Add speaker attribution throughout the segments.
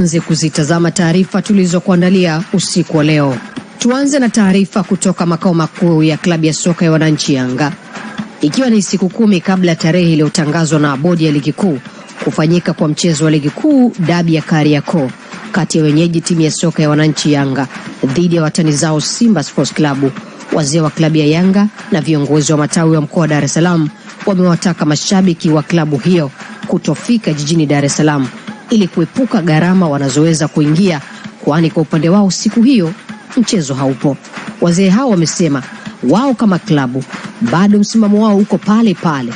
Speaker 1: anze kuzitazama taarifa tulizokuandalia usiku wa leo. Tuanze na taarifa kutoka makao makuu ya klabu ya soka ya wananchi Yanga. Ikiwa ni siku kumi kabla ya tarehe iliyotangazwa na bodi ya ligi kuu kufanyika kwa mchezo wa ligi kuu dabi ya Kariakoo kati ya wenyeji timu ya soka ya wananchi Yanga dhidi ya watani zao Simba Sports Club, wazee wa klabu ya Yanga na viongozi wa matawi wa mkoa wa Dar es Salaam wamewataka mashabiki wa klabu hiyo kutofika jijini Dar es Salaam ili kuepuka gharama wanazoweza kuingia, kwani kwa upande wao siku hiyo mchezo haupo. Wazee hao wamesema wao kama klabu bado msimamo wao uko pale pale,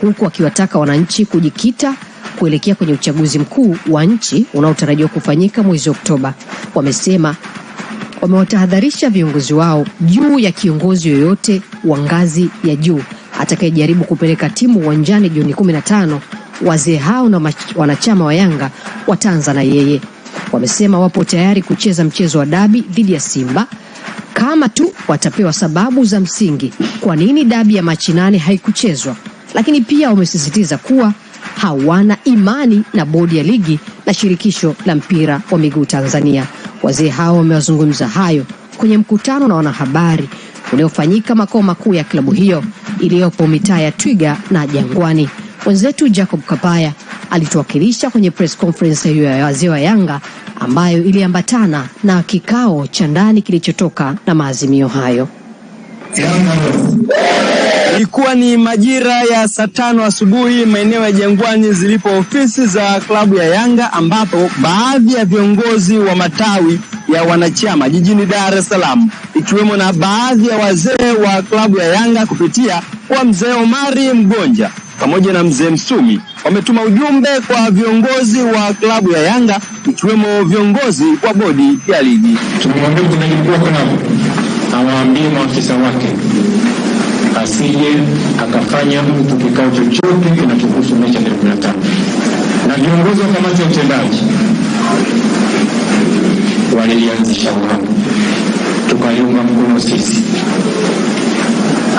Speaker 1: huku wakiwataka wananchi kujikita kuelekea kwenye uchaguzi mkuu wa nchi unaotarajiwa kufanyika mwezi Oktoba. Wamesema wamewatahadharisha viongozi wao juu ya kiongozi yoyote wa ngazi ya juu atakayejaribu kupeleka timu uwanjani Juni 15 Wazee hao na wanachama wa Yanga wataanza na yeye. Wamesema wapo tayari kucheza mchezo wa dabi dhidi ya Simba kama tu watapewa sababu za msingi kwa nini dabi ya Machi nane haikuchezwa, lakini pia wamesisitiza kuwa hawana imani na bodi ya ligi na shirikisho la mpira wa miguu Tanzania. Wazee hao wamewazungumza hayo kwenye mkutano na wanahabari uliofanyika makao makuu ya klabu hiyo iliyopo mitaa ya Twiga na Jangwani. Mwenzetu Jacob kapaya alituwakilisha kwenye press conference hiyo ya wazee wa Yanga ambayo iliambatana na kikao cha ndani kilichotoka na maazimio hayo.
Speaker 2: Ilikuwa ni majira ya saa tano asubuhi maeneo ya Jangwani zilipo ofisi za klabu ya Yanga ambapo baadhi ya viongozi wa matawi ya wanachama jijini Dar es Salaam ikiwemo na baadhi ya wazee wa klabu ya Yanga kupitia kwa mzee Omari Mgonja pamoja na mzee Msumi wametuma ujumbe kwa viongozi wa klabu ya Yanga ikiwemo viongozi wa bodi ya ligi. Tumemwambia mtendaji mkuu wa klabu awaambie maafisa wake asije akafanya mtu kikao chochote kinachohusu mechi ya tarehe na viongozi wa kamati ya utendaji walilianzisha wao, tukaliunga mkono sisi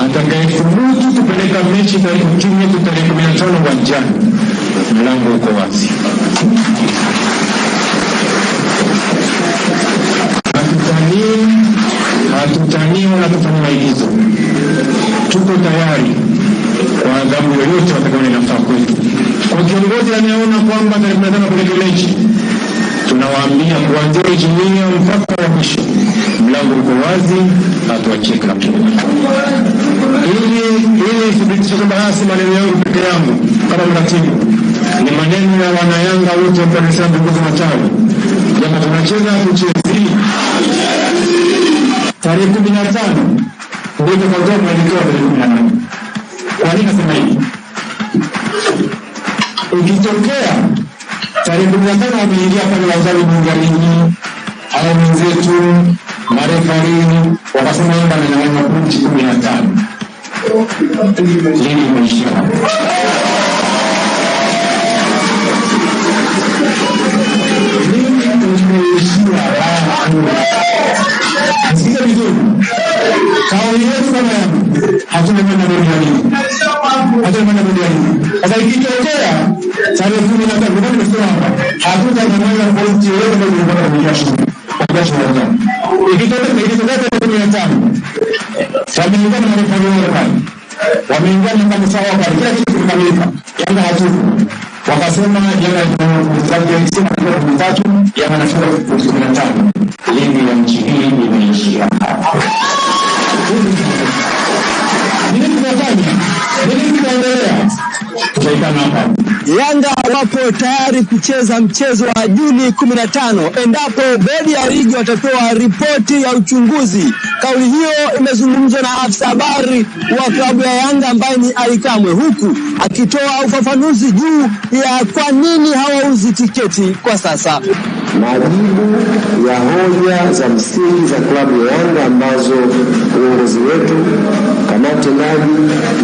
Speaker 2: atakayefurutu kupeleka mechi tarehe kumi tu tarehe kumi na tano uwanjani, mlango uko wazi. Hatutanii, hatutanii wala kufanya maigizo. Tuko tayari kwa adhabu yoyote inafaa kwetu. Kwa kiongozi anayeona kwamba tarehe kumi na tano apeleke mechi, tunawaambia kuanzia jinia mpaka wa mwisho, mlango uko wazi, hatuachie niwathibitishie kwamba haya si maneno yangu peke yangu kama mratibu, ni maneno ya wanayanga wote wa Dar es Salaam, viongozi wa tawi. Jamaa tunacheza tuchezi, tarehe kumi na tano ndio tutakaotoa mwelekeo
Speaker 1: wa kumi na nane. Kwa nini nasema hivi? Ikitokea tarehe kumi na tano wameingia pale wazazi bunge ligi au wenzetu marefarini wakasema kwamba ananyang'anywa pointi kumi na tano lini umeheshima? Sikia vizuri, kauli yetu kama yangu, hatuna kwenda rudi wajuu, hatuna kwenda rudi wajuu. Sasa ikitokea tarehe kumi na tatu ndio nimefika hapa, hatutakwenda pointi yoyote kwenye kupata kuja shule, kuja shule. Ikitokea tarehe kumi na tano wameingia na mikono pale, wameingia na kanisa wao kwa kila kitu kikamilika. Yanga hatuko wakasema Yanga tatu Yanga kumi na tano ligi ya nchi hii imeishia hapa. Nini tunafanya? Nini tunaendelea? Tutaikana hapa Yanga wapo tayari kucheza mchezo wa Juni kumi endapo bodi ya ligi watatoa ripoti ya uchunguzi. Kauli hiyo imezungumzwa na afisa habari wa klabu ya Yanga ambaye ni ali Kamwe, huku akitoa ufafanuzi juu ya kwa nini hawauzi tiketi kwa sasa.
Speaker 3: Majibu ya hoja za msingi za klabu ya Yanga ambazo uongozi wetu watendaji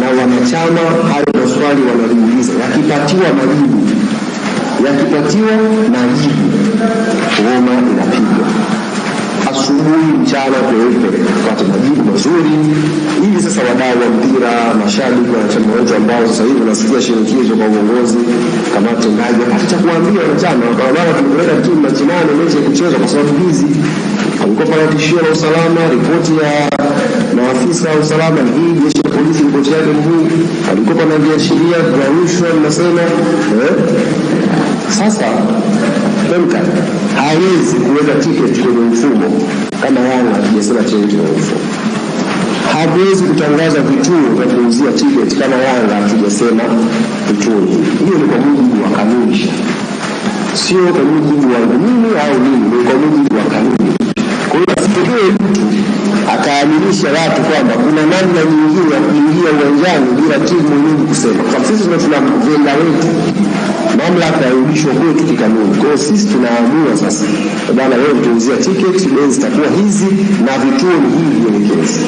Speaker 3: na wanachama, hayo maswali wanaliuliza, yakipatiwa majibu yakipatiwa majibu, Ngoma inapigwa asubuhi, mchana, kweupe, kupata majibu mazuri, ili sasa wadau wa mpira, mashabiki, wanachama wetu ambao sasa hivi wanasikia shinikizo kwa uongozi, kama mtendaji hata kuambia wanachama, kwa maana tumepeleka timu Machi mechi ya kuchezwa kwa sababu hizi, alikuwa pana tishio la usalama, ripoti ya na maafisa wa usalama. Hii jeshi la polisi ripoti yake mkuu na viashiria vya rushwa, linasema eh? sasa hawezi kuweka tiketi kwenye mfumo kama wao hajasema tiketi kwenye mfumo. Hawezi kutangaza vituo vya kuuzia tiketi kama Yanga hatujasema vituo hivi. Hiyo ni kwa mujibu wa kanuni, sio kwa mujibu wangu mimi au mimi, ni kwa mujibu wa kanuni mtujue mtu akaaminisha watu kwamba kuna namna nyingine ya kuingia uwanjani bila timu nyingi kusema. Kwa sisi ndio tuna venda wetu, mamlaka yarudishwa kwetu kikanuni. Kwa hiyo sisi tunaamua sasa, bwana, wewe utuuzia tiketi, bei zitakuwa hizi na vituo ni hivi elekezi.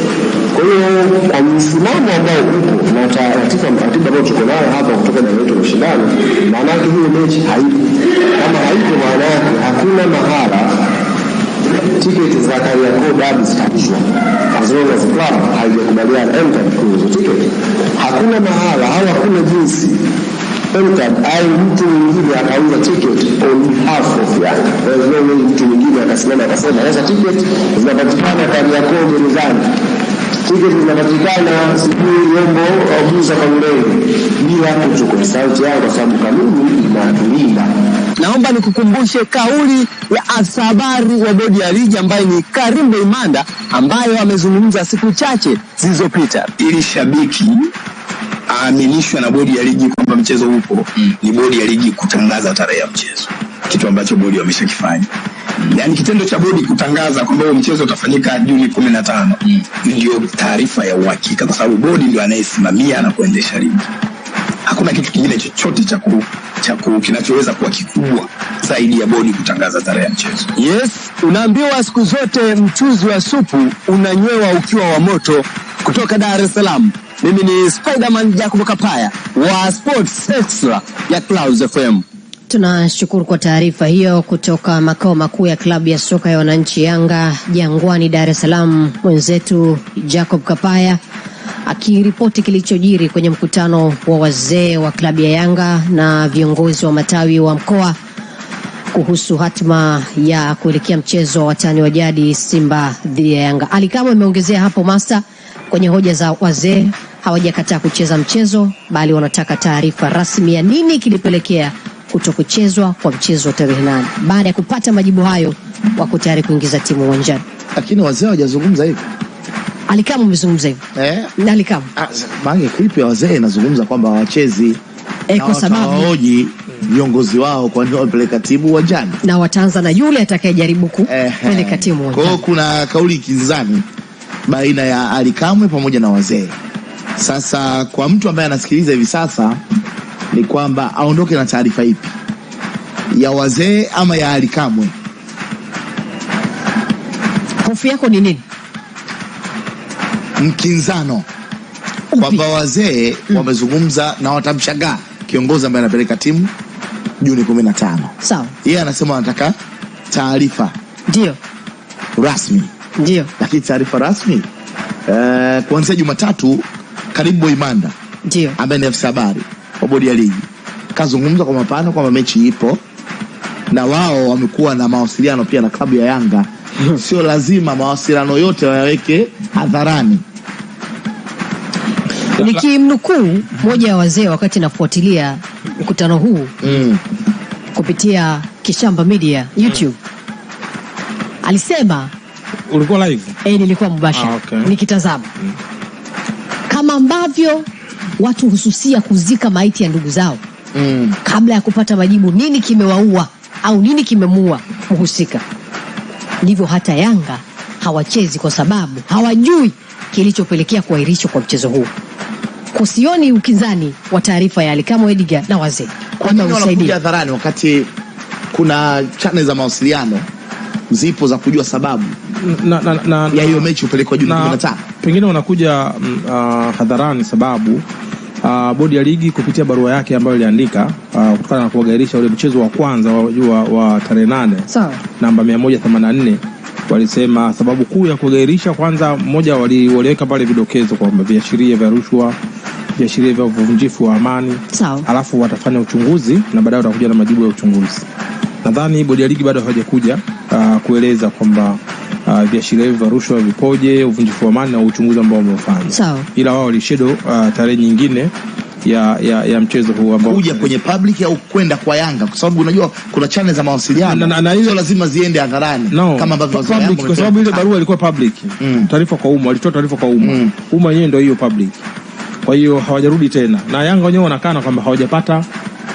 Speaker 3: Kwa hiyo kwa msimamo ambao upo na taratibu mtaratibu ambao tuko nayo hapa kutoka na wetu mashindano, maana yake hiyo mechi haipo. Kama haipo, maana yake hakuna mahala tiketi za Kariakoo dabi zitapishwa as long as club haijakubaliana NCAB kuuza tiketi. Hakuna mahala au hakuna jinsi NCAB au mtu mwingine akauza tiketi on behalf of Yanga. Mtu mwingine akasimama akasema sasa tiketi zinapatikana Kariakoo gerezani tiketi zinapatikana sijui Yombo au muza kwa Mlele bila kuchukua sauti yao, kwa sababu kanuni inatulinda. Naomba nikukumbushe kauli ya afisa habari wa bodi ya ligi ambaye ni Karim Imanda ambayo amezungumza siku chache zilizopita, ili shabiki aaminishwe na bodi ya ligi kwamba mchezo upo mm. Ni bodi ya ligi kutangaza tarehe ya mchezo, kitu ambacho bodi wameshakifanya yani kitendo cha bodi kutangaza kwamba mchezo utafanyika Juni kumi na tano mm. Ndio taarifa ya uhakika, kwa sababu bodi ndio anayesimamia na kuendesha ligi. Hakuna kitu kingine chochote cha cha kinachoweza kuwa kikubwa zaidi ya bodi kutangaza tarehe ya mchezo. Yes, unaambiwa siku zote mchuzi wa supu unanywewa ukiwa wa moto. Kutoka Dar es Salaam, mimi ni Spiderman Jacob Kapaya wa Sports Extra ya Clouds FM. Tunashukuru kwa taarifa hiyo kutoka makao makuu ya klabu ya soka ya wananchi Yanga Jangwani, Dar es Salaam, mwenzetu Jacob Kapaya akiripoti kilichojiri kwenye mkutano wa wazee wa klabu ya Yanga na viongozi wa matawi wa mkoa kuhusu hatima ya kuelekea mchezo wa watani wa jadi Simba dhidi ya Yanga. Alikama ameongezea hapo master kwenye hoja za wazee, hawajakataa kucheza mchezo, bali wanataka taarifa rasmi ya nini kilipelekea kutokuchezwa kwa mchezo tarehe nane. Baada ya kupata majibu hayo, wako tayari kuingiza timu uwanjani, lakini wazee hawajazungumza hivyo. Alikamu umezungumza hivyo eh? na Alikamu ah, mange klipu ya wazee inazungumza kwamba wachezi e, eh, kwa sababu hawaoji viongozi wao kwa nini wapeleka timu uwanjani, na wataanza na yule atakayejaribu eh, kupeleka timu eh. uwanjani. Kwa hiyo kuna kauli kinzani baina ya Alikamwe pamoja na wazee. Sasa kwa mtu ambaye anasikiliza hivi sasa ni kwamba aondoke na taarifa ipi, ya wazee ama ya Alikamwe? Hofu yako ni nini? Mkinzano kwamba wazee mm, wamezungumza na watamshangaa kiongozi ambaye anapeleka timu Juni 15. Sawa. Yeye anasema anataka taarifa ndio rasmi ndio, lakini taarifa rasmi uh, kuanzia Jumatatu karibu Boimanda ndio ambaye ni afisa habari wa bodi ya ligi kazungumza kwa mapana kwamba mechi ipo na wao wamekuwa na mawasiliano pia na klabu ya Yanga. Sio lazima mawasiliano yote wayaweke hadharani. Nikimnukuu mmoja ya wazee wakati nafuatilia mkutano huu mm. kupitia Kishamba Media YouTube alisema, ulikuwa live? Eh, nilikuwa mubashara ah, okay. nikitazama mm. kama ambavyo watu hususia kuzika maiti ya ndugu zao mm. kabla ya kupata majibu nini kimewaua au nini kimemuua mhusika. Ndivyo hata Yanga hawachezi kwa sababu hawajui kilichopelekea kuahirishwa kwa mchezo huu. Kusioni ukinzani wa taarifa ya Alikamo ediga na wazee wanakuja hadharani wakati kuna chane za mawasiliano zipo za kujua sababu na, na, na, ya hiyo mechi upelekwa Juni Pengine wanakuja uh, hadharani sababu uh, bodi ya ligi kupitia barua yake ambayo iliandika uh, ah, kutokana na kuwagairisha ule mchezo wa kwanza wa, wa tarehe nane sawa, namba 184 walisema sababu kuu ya kugairisha, kwanza mmoja, waliweka pale vidokezo kwamba viashiria vya rushwa, viashiria vya uvunjifu wa amani sawa, alafu watafanya uchunguzi na baadaye watakuja na majibu ya uchunguzi. Nadhani bodi ya ligi bado hawajakuja uh, kueleza kwamba uh, viashiria hivi vya rushwa vipoje, uvunjifu wa amani na uchunguzi ambao wamefanya. Sawa. Ila wao walishedo uh, ah, tarehe nyingine ya, ya, ya mchezo huu ambao kuja kwenye public au kwenda kwa Yanga kwa sababu unajua kuna channel za mawasiliano na, na, na, so lazima ziende hadharani no, kama ambavyo public kwa sababu ile barua ilikuwa public mm. taarifa kwa umma, walitoa taarifa kwa umma mm. umma yenyewe ndio hiyo public. Kwa hiyo hawajarudi tena, na Yanga wenyewe wanakana kwamba hawajapata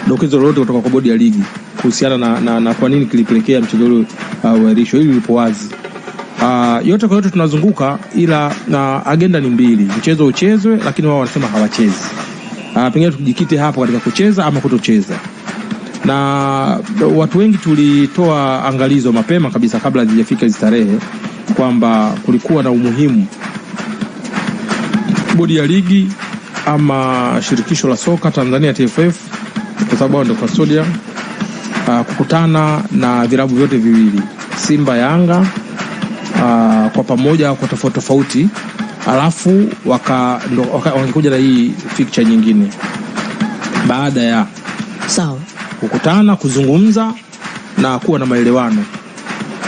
Speaker 3: dokezo lolote kutoka kwa bodi ya ligi kuhusiana na, na, na kwa nini kilipelekea mchezo ule ah, uahirishwe. Uh, hili lipo wazi. Uh, yote kwa yote tunazunguka, ila na agenda ni mbili, mchezo uchezwe, lakini wao wanasema hawachezi. Uh, pengine tujikite hapo katika kucheza ama kutocheza, na watu wengi tulitoa angalizo mapema kabisa kabla hazijafika hizi tarehe kwamba kulikuwa na umuhimu bodi ya ligi ama shirikisho la soka Tanzania TFF, kwa sababu ndio custodian, ah, kukutana na vilabu vyote viwili Simba Yanga uh, kwa pamoja kwa tofauti tofauti, alafu wangekuja na hii picture nyingine baada ya sawa kukutana kuzungumza na kuwa na maelewano.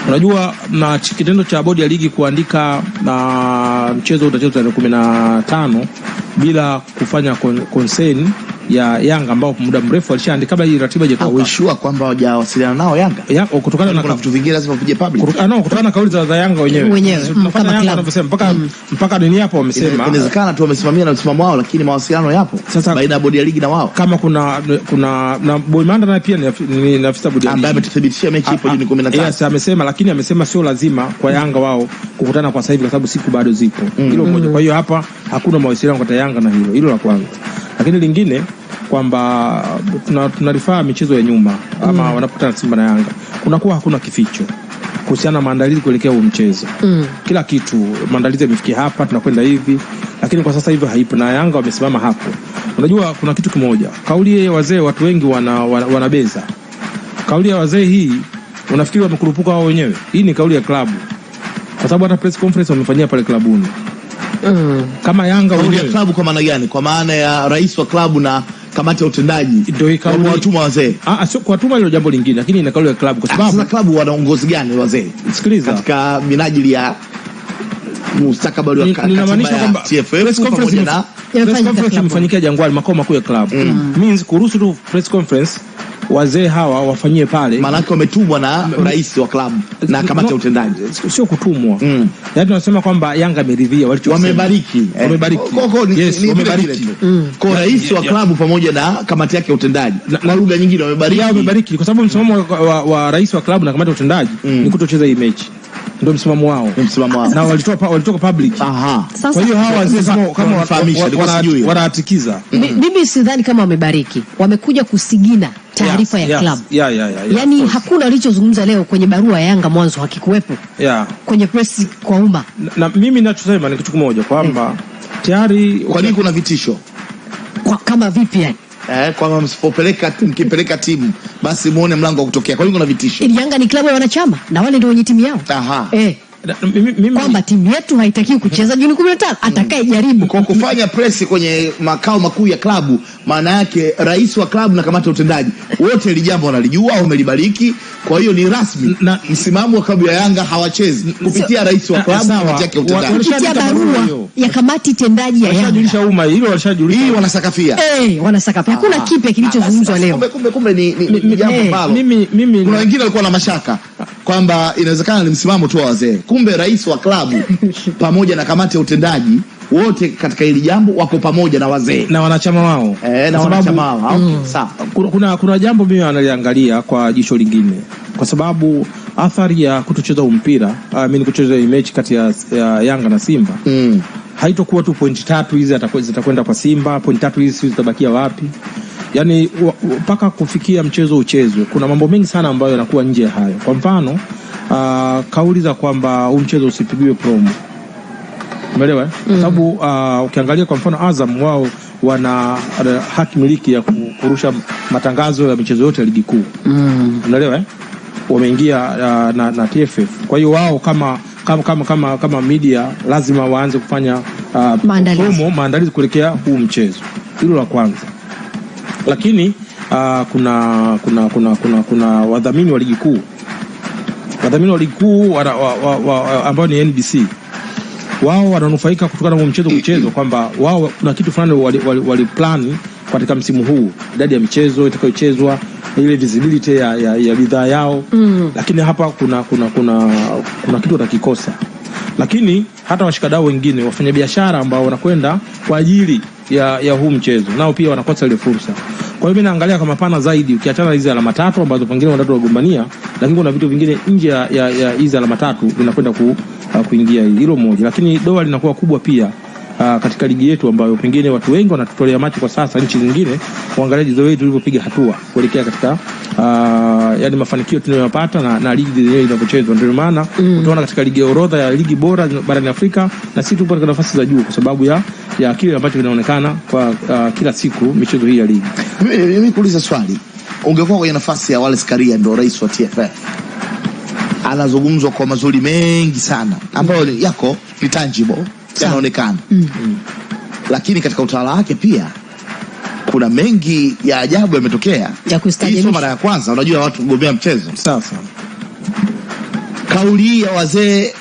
Speaker 3: Unajua, na kitendo cha bodi ya ligi kuandika na mchezo utachezwa tarehe kumi na tano bila kufanya konsen ya Yanga ambao muda mrefu walishaandika kabla hii ratiba haijatoka. Wameshua kwamba hawajawasiliana nao Yanga. ya, kutokana na kuna vitu vingine lazima vije public. Kutokana ah, no, kutokana na kauli za za Yanga wenyewe. Wenyewe. Mm, kama Yanga wanavyosema mpaka mm. mpaka dunia hapo wamesema. Inawezekana tu wamesimamia na msimamo wao lakini mawasiliano yapo sasa baina ya bodi ya ligi na wao. Kama kuna kuna na Boy Manda naye pia ni afisa bodi ambaye amethibitisha mechi ipo Juni 15. Yes, amesema lakini amesema sio lazima kwa Yanga wao kukutana kwa sasa hivi kwa sababu siku bado zipo. Mm. Hilo moja. Kwa hiyo hapa hakuna mawasiliano kati ya Yanga na hilo. Hilo la kwanza. Lakini lingine kwamba tunarifaa tuna michezo ya nyuma ama mm. wanapokutana Simba na Yanga kunakuwa hakuna kificho kuhusiana na maandalizi kuelekea huu mchezo mm. Kila kitu maandalizi yamefikia hapa, tunakwenda hivi, lakini kwa sasa hivyo haipo, na Yanga wamesimama hapo. Unajua kuna kitu kimoja, kauli ya wazee, watu wengi wanabeza wana, wana kauli ya wazee hii, unafikiri wamekurupuka wao wenyewe? Hii ni kauli ya klabu, kwa sababu hata press conference wamefanyia pale klabuni mm. kama Yanga ya klabu kwa maana gani? Kwa maana ya rais wa klabu na kamati ya utendaji ndio ikauli watuma wazee. Ah, ah, sio kwa kuwatuma, hilo jambo lingine, lakini ina kauli ya klabu, kwa ah, sababu sasa klabu wana uongozi gani wazee? Sikiliza, katika minajili ya mustakabali wa kaka, ninamaanisha kwamba press conference imefanyikia Jangwani, makao makuu ya klabu, mm. means kuruhusu tu press conference wazee hawa wafanyie pale, maanake wametumwa na rais wa klabu na kamati ya utendaji, sio kutumwa. Mm. Yaani tunasema kwamba Yanga imeridhia walichosema, wamebariki wamebariki, wamebariki mm. kwa rais wa klabu pamoja na kamati yake ya utendaji, Na lugha nyingine wamebariki, wamebariki kwa sababu msimamo wa rais wa klabu na kamati ya utendaji mm. ni kutocheza hii mechi ndio msimamo wao, msimamo wao, na walitoka walitoka public. Aha, kwa hiyo hawa wazee kama wanafahamisha, sijui wanahatikiza. Mhm. Mimi sidhani kama wamebariki, wamekuja kusigina taarifa ya yes, klabu yeah, yeah, yeah, yaani yeah, hakuna alichozungumza leo kwenye barua ya Yanga mwanzo hakikuwepo yeah, kwenye press kwa umma. Na mimi ninachosema ni kitu kimoja kwamba mm. tayari, kwa nini kuna vitisho kwa kama vipi yani eh, kwamba msipopeleka mkipeleka timu basi muone mlango wa kutokea. Kwa hiyo kuna vitisho. Yanga ni klabu ya wanachama na wale ndio wenye timu yao. Aha. Eh kwamba timu yetu haitakiwi kucheza Juni kumi na tano. Atakaye jaribu kwa kufanya presi kwenye makao makuu ya klabu, maana yake rais wa klabu na kamati ya utendaji wote hili jambo wanalijua, wamelibariki. Kwa hiyo ni rasmi msimamo wa klabu ya Yanga, hawachezi kupitia rais wa klabu na kamati yake utendaji, kupitia barua ya kamati tendaji ya Yanga. Hii wanasakafia, eh, wanasakafia. Hakuna ah. kipya kilichozungumzwa ah, leo. Kumbe kumbe ni eh, jambo ambalo mimi mimi, kuna wengine walikuwa na mashaka kwamba inawezekana ni msimamo tu wa wazee, kumbe rais wa klabu pamoja na kamati ya utendaji wote katika hili jambo wako pamoja na wazee na wanachama wao e, na wanachama wao mm. Sawa, kuna, kuna jambo mimi analiangalia kwa jicho lingine, kwa sababu athari ya kutocheza mpira uh, mimi kucheza mechi kati ya, ya Yanga na Simba mm. haitokuwa tu pointi tatu hizi zitakwenda kwa Simba, pointi tatu hizi zitabakia wapi? yani mpaka kufikia mchezo uchezwe, kuna mambo mengi sana ambayo yanakuwa nje ya hayo. Kwa mfano uh, kauli za kwamba huu mchezo usipigiwe promo, umeelewa? Eh? Kwa mm. sababu uh, ukiangalia kwa mfano Azam wao wana haki miliki ya kurusha matangazo ya michezo yote ya ligi kuu, unaelewa mm. Eh? Wameingia uh, na, na TFF. Kwa hiyo wao kama kama, kama, kama, kama media lazima waanze kufanya uh, maandalizi kuelekea huu mchezo, hilo la kwanza lakini uh, kuna, kuna, kuna, kuna, kuna wadhamini wa ligi kuu wadhamini wa ligi kuu ambao ni NBC wao wananufaika kutokana na mchezo kuchezwa, kwamba wao kuna kitu fulani waliplani katika msimu huu, idadi ya michezo itakayochezwa, ile visibility ya, ya, ya bidhaa yao mm. Lakini hapa kuna, kuna, kuna, kuna kitu watakikosa, lakini hata washikadau wengine, wafanyabiashara ambao wanakwenda kwa ajili ya, ya huu mchezo, nao pia wanakosa ile fursa. Kwa hiyo mimi naangalia kama pana zaidi, ukiachana hizi alama tatu ambazo pengine wanataka wagombania, lakini kuna vitu vingine nje ya hizi alama tatu vinakwenda ku, uh, kuingia hilo moja, lakini doa linakuwa kubwa pia aa, ah, katika ligi yetu ambayo pengine watu wengi wanatutolea macho kwa sasa nchi zingine, kuangalia jizo letu tulivyopiga hatua kuelekea katika aa, ah, yani mafanikio tunayopata na, na ligi zenyewe inavyochezwa. Ndio maana mm. utaona katika ligi ya orodha ya ligi bora barani Afrika na sisi tupo katika nafasi za juu kwa sababu ya, ya kile ambacho kinaonekana kwa uh, kila siku michezo hii ya ligi. Mimi kuuliza swali, ungekuwa kwenye nafasi ya Wallace Karia, ndio rais wa TFF anazungumzwa kwa mazuri mengi sana ambayo yako ni tangible yanaonekana mm. mm. Lakini katika utawala wake pia kuna mengi ya ajabu yametokea, hii sio mara ya kwanza. Unajua watu kugombea mchezo sasa, kauli hii ya wazee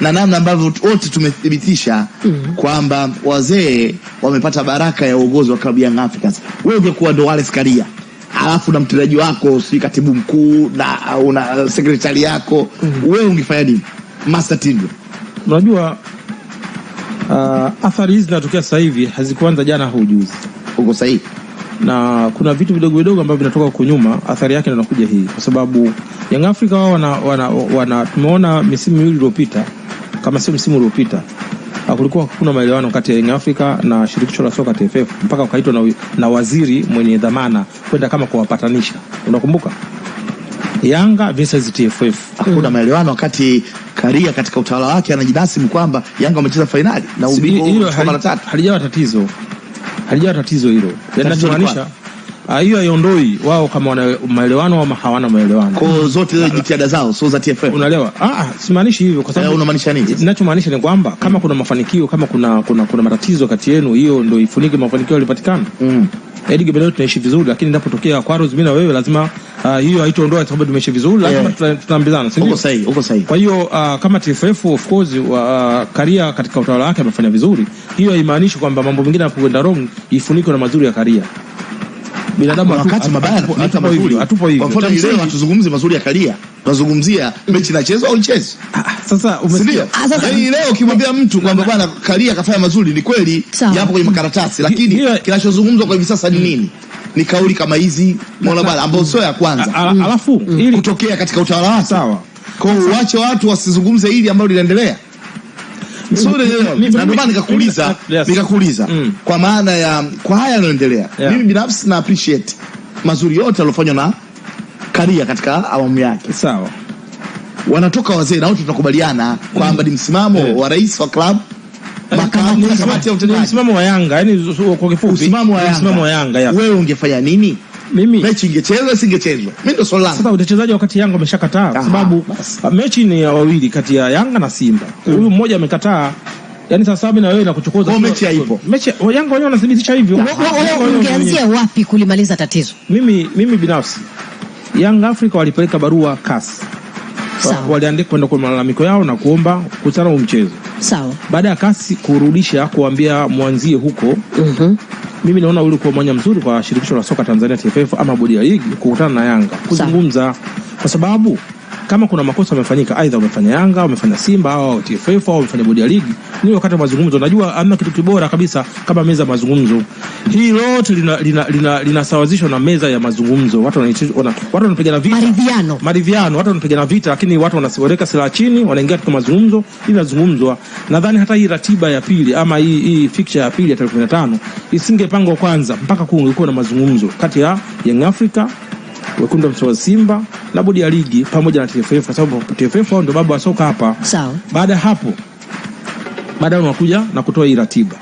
Speaker 3: na namna ambavyo wote tumethibitisha mm. kwamba wazee wamepata baraka ya uongozi wa klabu ya Young Africans. Wewe ungekuwa ndo wale skaria alafu na mtendaji wako si katibu mkuu na una sekretari yako mm. wewe ungefanya nini Master Tindo? Unajua Uh, athari hizi zinatokea sasa hivi hazikuanza jana au juzi. Uko sahihi. Na kuna vitu vidogo vidogo ambavyo vinatoka huko nyuma, athari yake inakuja hii, kwa sababu Young Africa wao wana, wana, wana tumeona misimu miwili iliyopita kama sio msimu uliopita ah, kulikuwa hakuna maelewano kati ya Young Africa na shirikisho la soka TFF mpaka wakaitwa na, na waziri mwenye dhamana kwenda kama kuwapatanisha, unakumbuka? Yanga versus TFF. Hakuna mm. maelewano wakati Karia katika utawala wake anajinasibu kwamba Yanga wamecheza fainali na ubingwa mara tatu. Halijawa tatizo. Halijawa tatizo hilo. Yanamaanisha hiyo haiondoi wao kama wana maelewano au hawana maelewano. Kwa zote zile jitihada zao sio za TFF. Unaelewa? Ah, ah, simaanishi hivyo kwa sababu eh, unamaanisha nini? Ninachomaanisha ni kwamba kama kuna mafanikio, kama kuna kuna kuna matatizo kati yenu, hiyo ndio ifunike mafanikio yalipatikana. Mm. Edgar Benito tunaishi vizuri, lakini inapotokea Rose mimi na wewe lazima Uh, hiyo haitaondoa sababu tumeisha vizuri, eh. lazima yeah. Tutaambizana, si ndio? Uko sahihi, uko sahihi. Kwa hiyo uh, kama TFF of course uh, Karia katika utawala wake amefanya vizuri, hiyo haimaanishi kwamba mambo mengine yanapokwenda wrong ifunikwe na mazuri ya Karia binadamu wakati mabaya hata mazuri, hatupo hivyo. Kwa mfano leo hatuzungumzi mazuri ya Kalia, tunazungumzia mechi inachezwa au ichezwe. Ah, ah, sasa umesikia ah, hii yaani leo, ukimwambia mtu kwamba bwana Kalia kafanya mazuri, ni kweli, yapo kwenye makaratasi, lakini kinachozungumzwa kwa hivi sasa ni hmm. nini? Ni kauli kama hizi, unaona bwana, ambao sio ya kwanza, alafu hmm. kutokea katika utawala wake. Sawa, kwa hiyo uache watu wasizungumze hili ambalo linaendelea. Mm. na ndio maana nikakuuliza nikakuuliza mm. kwa maana ya kwa haya yanayoendelea. Mimi binafsi na appreciate mazuri yote aliyofanywa na Karia katika awamu yake, sawa. Wanatoka wazee na wote tunakubaliana kwamba mm. ni msimamo wa rais wa club makamu yaani ya msimamo wa Yanga, yani kwa kifupi, msimamo wa Yanga. Wewe ungefanya nini? mimi mechi ingechezwa singechezwa, mimi ndo swali Sasa utachezaje wakati Yanga ameshakataa? Kwa ah, sababu mechi ni ya wawili kati ya Yanga na Simba, huyu mm. mmoja amekataa Yaani sasa mimi na wewe inakuchokoza. Oh, mechi haipo. Mechi oh, Yanga wenyewe wanathibitisha hivyo. Ungeanzia wapi kulimaliza tatizo? Mimi mimi binafsi yanga Africa walipeleka barua CAS waliandika kwenda kwa malalamiko yao na kuomba kukutana huu mchezo. Sawa. Baada ya kasi kurudisha kuambia mwanzie huko mm -hmm. Mimi naona ulikuwa mwanya mzuri kwa shirikisho la soka Tanzania TFF ama bodi ya ligi kukutana na Yanga kuzungumza kwa sababu kama kuna makosa yamefanyika, aidha umefanya Yanga, umefanya Simba au TFF au umefanya bodi ya ligi, ni wakati wa mazungumzo. Najua hamna kitu kibora kabisa kama meza ya mazungumzo. Hii lote linasawazishwa na meza ya mazungumzo. Watu watu wanapigana vita, maridhiano, maridhiano, watu wanapigana vita, lakini watu wanasiweka silaha chini, wanaingia katika mazungumzo, ili inazungumzwa. Nadhani hata hii ratiba ya pili ama hii hii fixture ya pili ya tarehe 15 isingepangwa kwanza mpaka kuwe na mazungumzo kati ya Young Africa wekundu wa msimbazi Simba na bodi ya ligi pamoja na TFF, kwa sababu TFF ndio baba wa soka hapa. Sawa. Baada ya hapo, baada ya kuja na kutoa hii ratiba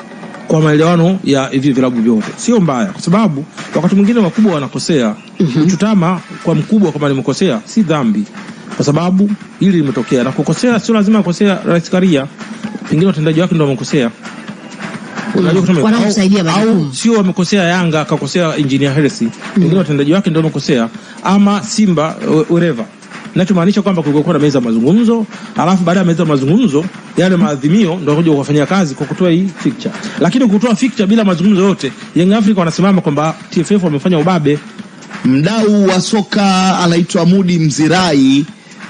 Speaker 3: kwa maelewano ya hivi vilabu vyote, sio mbaya, kwa sababu wakati mwingine wakubwa wanakosea. mm -hmm. Kuchutama kwa mkubwa kama nimekosea si dhambi, kwa sababu hili limetokea, na kukosea sio lazima akosea Rais Karia, pengine watendaji wake ndio wamekosea. Mm. wanaomsaidia au sio? Wamekosea Yanga akakosea engineer Hersi, wengine mm. watendaji wake ndio wamekosea, ama Simba whatever Nachomaanisha kwamba kulikuwa na meza ya mazungumzo, alafu baada ya meza mazungumzo yale maadhimio ndio kuja kufanyia kazi kwa kutoa hii fikcha Lakini kutoa fikcha bila mazungumzo yote, Young Africa wanasimama kwamba TFF wamefanya ubabe. Mdau wa soka anaitwa Mudi Mzirai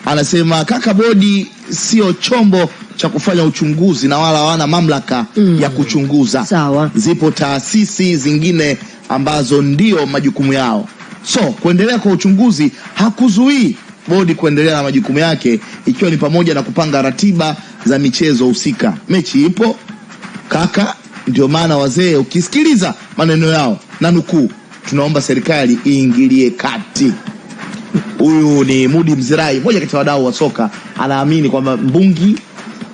Speaker 3: anasema, kaka, bodi sio chombo cha kufanya uchunguzi na wala hawana mamlaka mm. ya kuchunguza. Sawa. Zipo taasisi zingine ambazo ndio majukumu yao, so kuendelea kwa uchunguzi hakuzuii bodi kuendelea na majukumu yake, ikiwa ni pamoja na kupanga ratiba za michezo husika. Mechi ipo kaka, ndio maana wazee, ukisikiliza maneno yao na nukuu, tunaomba serikali iingilie kati. Huyu ni Mudi Mzirai, mmoja kati ya wadau wa soka, anaamini kwamba mbungi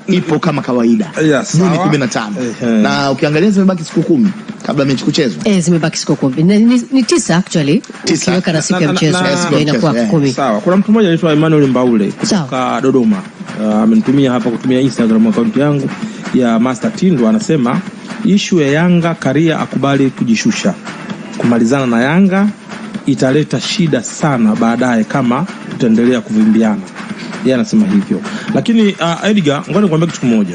Speaker 3: ipo kama kawaida Juni kumi na tano Na ukiangalia zimebaki siku kumi kabla mechi kuchezwa eh, zimebaki siku kumi ni, ni, ni tisa actually ukiweka na siku ya mchezo inakuwa kumi. Sawa, kuna mtu mmoja anaitwa Emmanuel Mbaule kutoka Dodoma uh, amenitumia uh, hapa kutumia Instagram account yangu ya Master Tindo, anasema ishu ya Yanga Karia akubali kujishusha, kumalizana na Yanga italeta shida sana baadaye kama tutaendelea kuvimbiana yeye anasema hivyo, lakini uh, Edgar, ngoja nikwambie kitu kimoja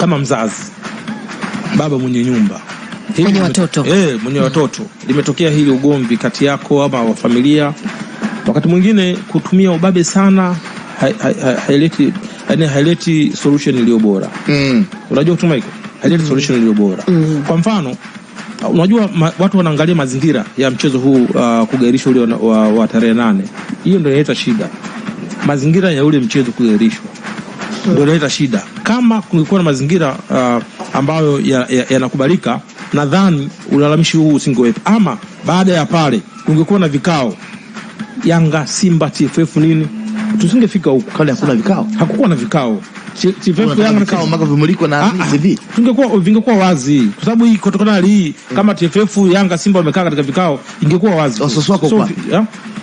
Speaker 3: kama mzazi, baba mwenye nyumba mwenye watoto, eh, mwenye watoto mm. limetokea hili ugomvi kati yako ama wa familia, wakati mwingine kutumia ubabe sana haileti ha, ha, ha, haileti solution iliyo bora mm. unajua kutuma iko haileti mm. solution iliyo bora mm. kwa mfano unajua ma, watu wanaangalia mazingira ya mchezo huu uh, ah, kugairisha ule wa, wa, wa tarehe nane. Hiyo ndio inaleta shida mazingira ya ule mchezo kuahirishwa ndio inaleta shida. Kama kungekuwa na mazingira uh, ambayo yanakubalika ya, ya nadhani ulalamishi huu usingewepo, ama baada ya pale kungekuwa na vikao Yanga, Simba, TFF nini, tusingefika huku. Kale hakuna vikao, hakukuwa na vikao vingekuwa wazi kwa sababu hii kutokana hii, kama TFF Yanga Simba wamekaa katika vikao ingekuwa wazi.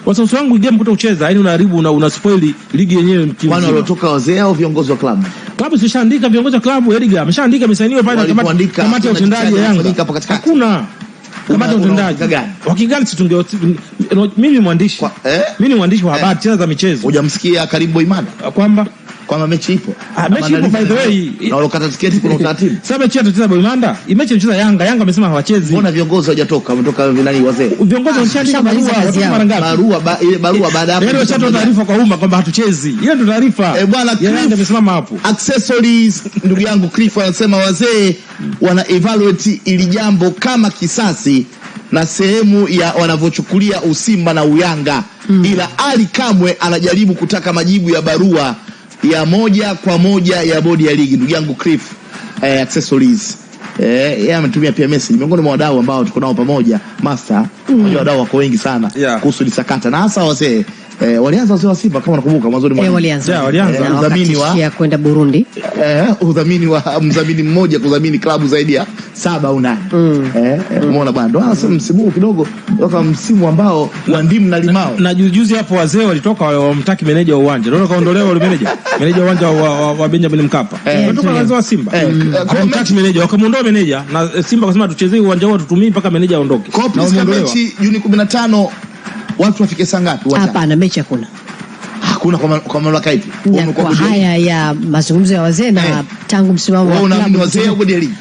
Speaker 3: Wasosi wangu game kuto kucheza, yani unaharibu una, una spoil ligi yenyewe. wana waliotoka wazee au viongozi wa klabu? Klabu sishaandika viongozi wa klabu, Edgar ameshaandika amesainiwa pale kamati kamati ya utendaji ya Yanga. Hakuna kamati ya utendaji gani? Wakigani si tunge mimi mwandishi. Eh? Mimi ni mwandishi wa eh? habari, cheza za michezo. Hujamsikia karibu imani Kwamba kwamba mechi ipo. Ah, mechi ipo by the way. Na walokata tiketi kuna utaratibu. Sasa mechi atacheza Boimanda, mechi anacheza Yanga, Yanga amesema hawachezi. Mbona viongozi hawajatoka? Wametoka nani wazee? Viongozi walishaandika barua, barua ile barua baada yaani hapo. Yeye alishatoa taarifa kwa umma kwamba hatuchezi. Hiyo ndio taarifa. Eh, bwana Cliff amesimama hapo. Accessories ndugu yangu Cliff anasema wazee wana evaluate ili jambo kama kisasi na sehemu ya wanavyochukulia usimba na uyanga mm. Ila Ali kamwe anajaribu kutaka majibu ya barua ya moja kwa moja ya bodi ya ligi, ndugu yangu Cliff eh, accessories eh, yeye ametumia pia message, miongoni mwa wadau ambao tuko nao pamoja master. Mm. Unajua mm. wadau wako wengi sana yeah. kuhusu lisakata na hasa wazee eh, walianza wazee wa Simba kama nakumbuka mwanzoni mwa eh, walianza Yeah, walianza udhamini wa ya kwenda Burundi eh, udhamini wa mdhamini mmoja kudhamini klabu zaidi ya saba au nane mm. eh, eh mm. umeona bwana, ndio hasa msimu huu kidogo toka msimu ambao wa ndimu na limao na juzi hapo wazee walitoka wamtaki meneja wa uwanja, ndio kaondolewa yule meneja meneja wa uwanja wa wa Benjamin Mkapa kutoka eh. wazee wa Simba wamtaki mm. meneja, wakamuondoa meneja na Simba akasema tuchezee uwanja huu tutumii mpaka meneja aondoke, na mechi Juni 15 watu wafike saa ngapi? Hapana, mechi hakuna hakuna kwa mamlaka ipi? Haya ya mazungumzo ya wazee na eh. tangu msimamo wa wazee au bodi ya ligi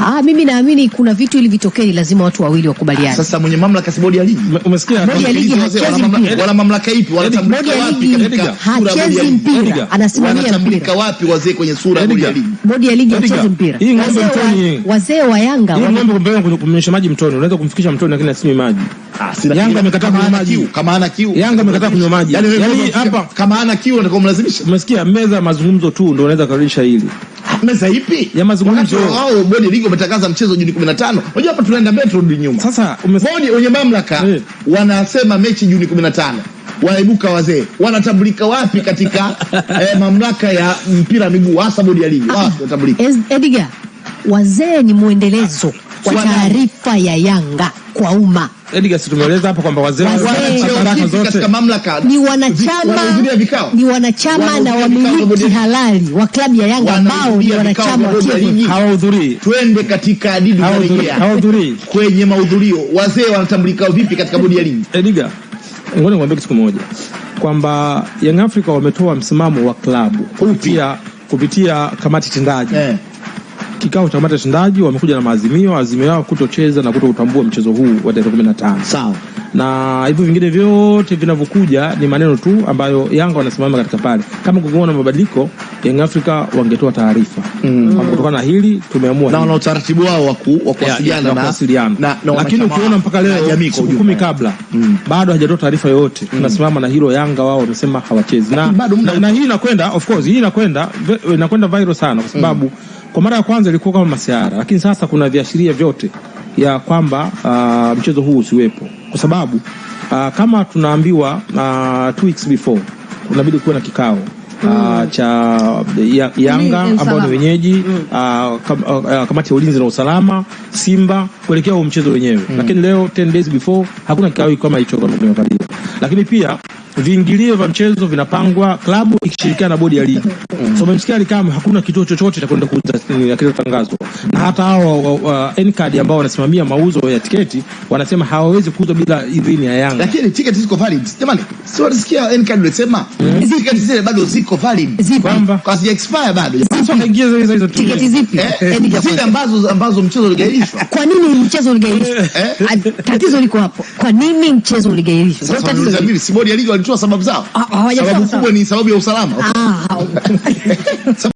Speaker 3: Ah, mimi naamini kuna vitu ili vitokee lazima watu wawili wakubaliane. Sasa mwenye mamlaka si bodi ya ligi. Umesikia? Bodi ya ligi hachezi mpira. Wala mamlaka ipi? Wanatambulika wapi Hachezi mpira. Anasimamia mpira. Wanatambulika wapi wazee kwenye sura ya bodi ya ligi? Bodi ya ligi hachezi mpira. Hii ng'ombe mtoni. Wazee wa Yanga wana ng'ombe kumpeleka kumnyesha maji mtoni. Unaweza kumfikisha mtoni lakini asinywe maji. Ah, Yanga amekataa kunywa maji. Kama ana kiu. Yanga amekataa kunywa maji. Yaani, yaani hapa kama ana kiu kumlazimisha. Umesikia? Meza mazungumzo tu ndio unaweza kurudisha hili meza ipi ya mazungumzo? Wao bodi ligi wametangaza mchezo Juni 15. Unajua hapa tunaenda mbele, turudi nyuma. Sasa bodi wenye mamlaka eh. wanasema mechi Juni 15 waibuka wazee, wanatambulika wapi katika eh, mamlaka ya mpira miguu hasa bodi ya ligi ah. wapi watambulika? Edgar, wazee ni mwendelezo kwa taarifa ya Yanga kwa umma. Tumeeleza hapa kwamba wazee katika mamlaka ni wanachama, ni wanachama na wamiliki halali wa klabu ya Yanga ambao ni wanachama hawahudhurii. Twende katika adidi kwenye mahudhurio. Wazee wanatambulika vipi katika bodi ya ligi? Edgar, ngoja nikwambie kitu kimoja kwamba Young Africa wametoa msimamo wa klabu kupitia kamati tendaji eh kikao cha kamati ya utendaji wamekuja na maazimio, azimio yao kutocheza na kutoutambua mchezo huu wa tarehe 15. Sawa. Na hivyo vingine vyote vinavyokuja ni maneno tu ambayo Yanga wanasimama katika pale. Kama kungekuwa na mabadiliko, Young Africa wangetoa taarifa. Mm. Kutokana na hili tumeamua. Na wana utaratibu wao wa kuwasiliana na wasiliana. Lakini ukiona mpaka leo siku kumi kabla mm. bado hajatoa taarifa yoyote. Mm. Tunasimama na hilo Yanga wao wamesema hawachezi. Na, na, na hii inakwenda of course hii inakwenda inakwenda viral sana kwa mm. sababu mm. Kwa mara ya kwanza ilikuwa kama masiara lakini sasa kuna viashiria vyote ya kwamba uh, mchezo huu usiwepo kwa sababu uh, kama tunaambiwa uh, two weeks before unabidi kuwa na kikao Uh, cha ya, Yanga ambao ni wenyeji mm. uh, kam, uh, kamati ya ulinzi na usalama Simba kuelekea mchezo wenyewe mm. Lakini leo 10 days before hakuna kikao kama hicho, lakini pia viingilio vya mchezo vinapangwa klabu ikishirikiana na bodi ya ligi. So umemsikia Likame, hakuna kituo chochote cha kwenda kuuza eh, tangazo, na hata hao Ncard ambao wanasimamia mauzo ya tiketi wanasema hawawezi kuuza bila idhini ya Yanga. Lakini tiketi ziko valid jamani, si wanasikia Ncard wanasema hmm? tiketi zile bado ziko valid, kwamba kasi expire bado. Sasa kaingia hizo hizo tiketi zipi? Eh, eh Zile ambazo ambazo mchezo uligairishwa. Kwa nini mchezo uligairishwa? Eh? Ah, tatizo liko hapo. Kwa nini mchezo uligairishwa? Sasa tatizo ni si bodi ya ligi wametoa sababu zao. Ah, ah, sababu kubwa ni sababu ya usalama. Ah,